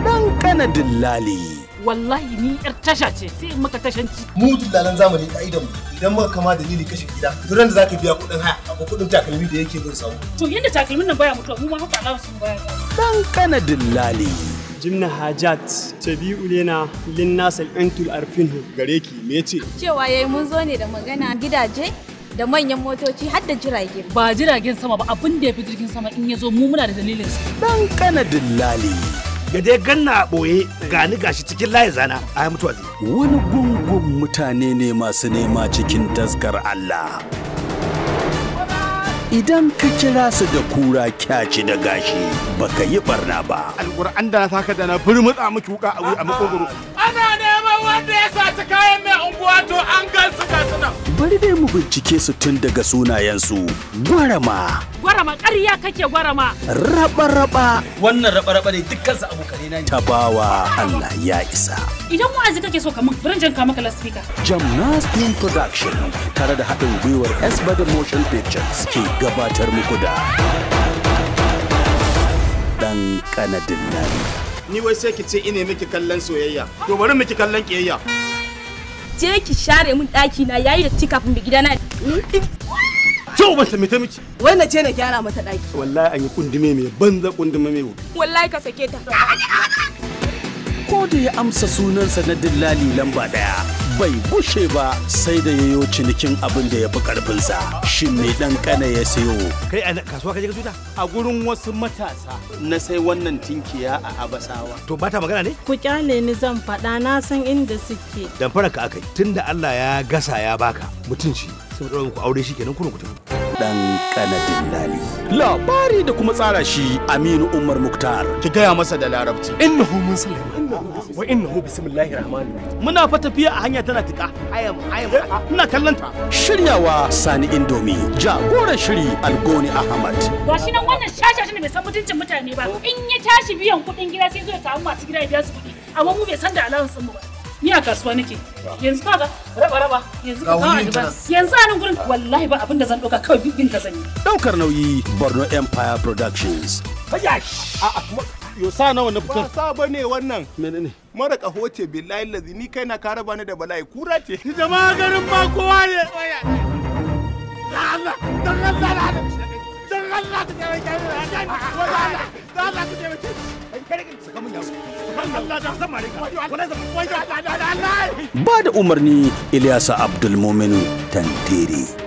Dan kana dillali. Wallahi ni yar tasha ce sai in maka tashanci. Mu dillalan zamani ka'idan mu idan muka kama dalili kashe gida duran da zaka biya kuɗin haya akwai kuɗin takalmi da yake bin samu. To yanda takalmin nan baya mutuwa mu ma haka Allah sun baya. Dan kana dillali. jimna hajat tabi'u lena lin nasal antul Arfinu gare ki me ce cewa yayi mun zo ne da magana gidaje da manyan motoci har da jirage. Ba jiragen sama ba abin da ya fi jirgin sama in ya zo mu muna da dalilin su. Dan kana dillali. Ga dai ganna a ɓoye gani gashi cikin layi zana a yi mutuwa Wani gungun mutane ne masu nema cikin taskar Allah. Idan ka kira su da kura kyaci da gashi baka yi barna ba. Alƙur'an da na saka da na burmutsa miki wuka a makogoro. Ana neman wanda ya saci kayan mai unguwa to an gan su ga Bari bincike su tun daga sunayensu gwarama gwarama ƙarya kake gwarama raba-raba wannan raba-raba ne dukkansu abokane na ne tabawa Allah ya isa idan wa'azi kake so kamar burin jan kama kala speaker production tare da haɗin gwiwar s motion pictures ke gabatar muku da dan kanadin nan ni wai sai ki ce ine miki kallon soyayya to bari miki kallon kiyayya je ki share min daki na yayi da tika kafin bi na to mata mai ta miki. Wai na ce na gyara mata daki Wallahi an yi kundume mai banza kundume mai Wallahi ka sake ta. Ko da ya amsa sunansa na dillali lamba daya. bai bushe ba sai da yayo cinikin abin da ya fi karfinsa shin mai dan kana ya sayo kai a kasuwa kaje ka tuta a gurin wasu matasa na sai wannan tinkiya a abasawa to bata magana ne ku kyale ni zan faɗa na san inda suke dan fara ka akai tunda Allah ya gasa ya baka mutunci sai ku aure shi kenan kurun ku tafi dan kanadin lali. Labari da kuma tsara shi Aminu Umar Muktar. Ki gaya masa da larabci. Innahu mun Sulaiman. Wa innahu bismillahir rahmanir Muna fa tafiya a hanya tana tika. Ayam ayam eh, ina kallon ta. Shiryawa Sani Indomi jagoran shiri Algoni Ahmad. Gashi nan wannan ne bai san mutuncin mutane ba. In ya tashi biyan kudin gida sai zai samu masu gida ya biya su kudi Amma mu bai san da alawansu mu ba. ni a kasuwa nake yanzu kaga raba raba yanzu ka kawo ba yanzu a nan gurin wallahi ba abinda zan dauka kawai bin ka zan yi nauyi Borno Empire Productions kayash a yo nawa na fitar ba sa ne wannan menene mara kaho ce billahi lazi ni kaina ka raba ni da bala'i kura ce ni jama'a garin ba kowa ne Allah dan Allah dan Allah dan Allah dan Allah ba da umarni Iliyasa Abdulmumin Tantere.